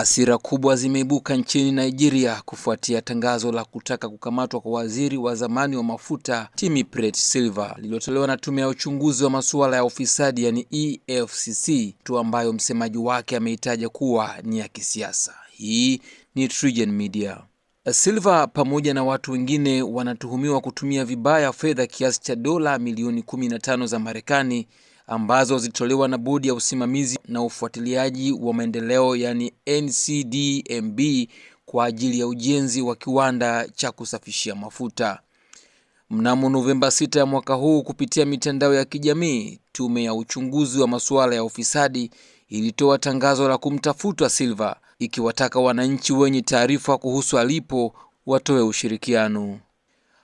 Hasira kubwa zimeibuka nchini Nigeria kufuatia tangazo la kutaka kukamatwa kwa waziri wa zamani wa mafuta Timipret Silva lililotolewa na tume ya uchunguzi wa masuala ya ufisadi yani EFCC, tu ambayo msemaji wake ameitaja kuwa ni ya kisiasa. Hii ni Trigen Media. Silva pamoja na watu wengine wanatuhumiwa kutumia vibaya fedha kiasi cha dola milioni 15 za Marekani ambazo zilitolewa na bodi ya usimamizi na ufuatiliaji wa maendeleo yani NCDMB kwa ajili ya ujenzi wa kiwanda cha kusafishia mafuta. Mnamo Novemba 6 ya mwaka huu, kupitia mitandao ya kijamii, tume ya uchunguzi wa masuala ya ufisadi ilitoa tangazo la kumtafuta Silva, ikiwataka wananchi wenye taarifa kuhusu alipo watoe ushirikiano.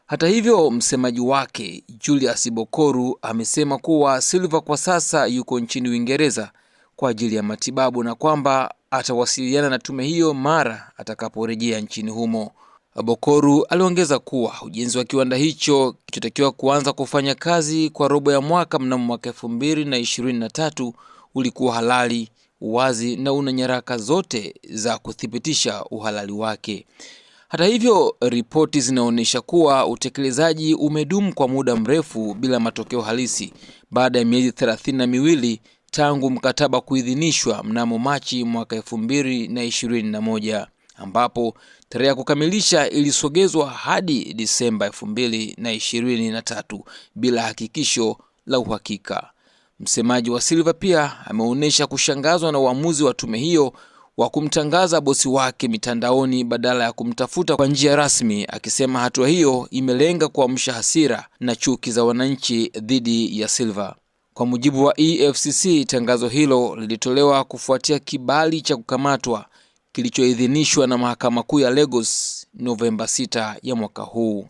Hata hivyo, msemaji wake Julius Bokoru amesema kuwa Silva kwa sasa yuko nchini Uingereza kwa ajili ya matibabu na kwamba atawasiliana na tume hiyo mara atakaporejea nchini humo. Bokoru aliongeza kuwa ujenzi wa kiwanda hicho kilichotakiwa kuanza kufanya kazi kwa robo ya mwaka mnamo mwaka elfu mbili na ishirini na tatu ulikuwa halali, wazi na una nyaraka zote za kuthibitisha uhalali wake. Hata hivyo, ripoti zinaonyesha kuwa utekelezaji umedumu kwa muda mrefu bila matokeo halisi baada ya miezi thelathini na miwili tangu mkataba kuidhinishwa mnamo Machi mwaka elfu mbili na ishirini na moja ambapo tarehe ya kukamilisha ilisogezwa hadi Disemba elfu mbili na ishirini na tatu bila hakikisho la uhakika. Msemaji wa Silva pia ameonyesha kushangazwa na uamuzi wa tume hiyo wa kumtangaza bosi wake mitandaoni badala ya kumtafuta kwa njia rasmi, akisema hatua hiyo imelenga kuamsha hasira na chuki za wananchi dhidi ya Silva. Kwa mujibu wa EFCC, tangazo hilo lilitolewa kufuatia kibali cha kukamatwa kilichoidhinishwa na mahakama kuu ya Lagos Novemba 6 ya mwaka huu.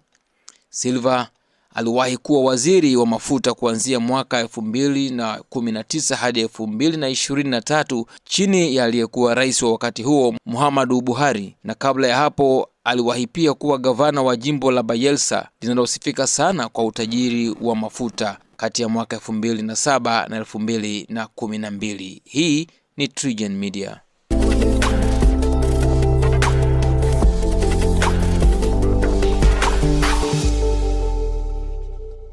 Silva aliwahi kuwa waziri wa mafuta kuanzia mwaka 2019 hadi tatu chini ya aliyekuwa rais wa wakati huo Muhammadu Buhari, na kabla ya hapo aliwahi pia kuwa gavana wa jimbo la Bayelsa linalosifika sana kwa utajiri wa mafuta kati ya mwaka 2007 na 2012. Hii ni TriGen Media.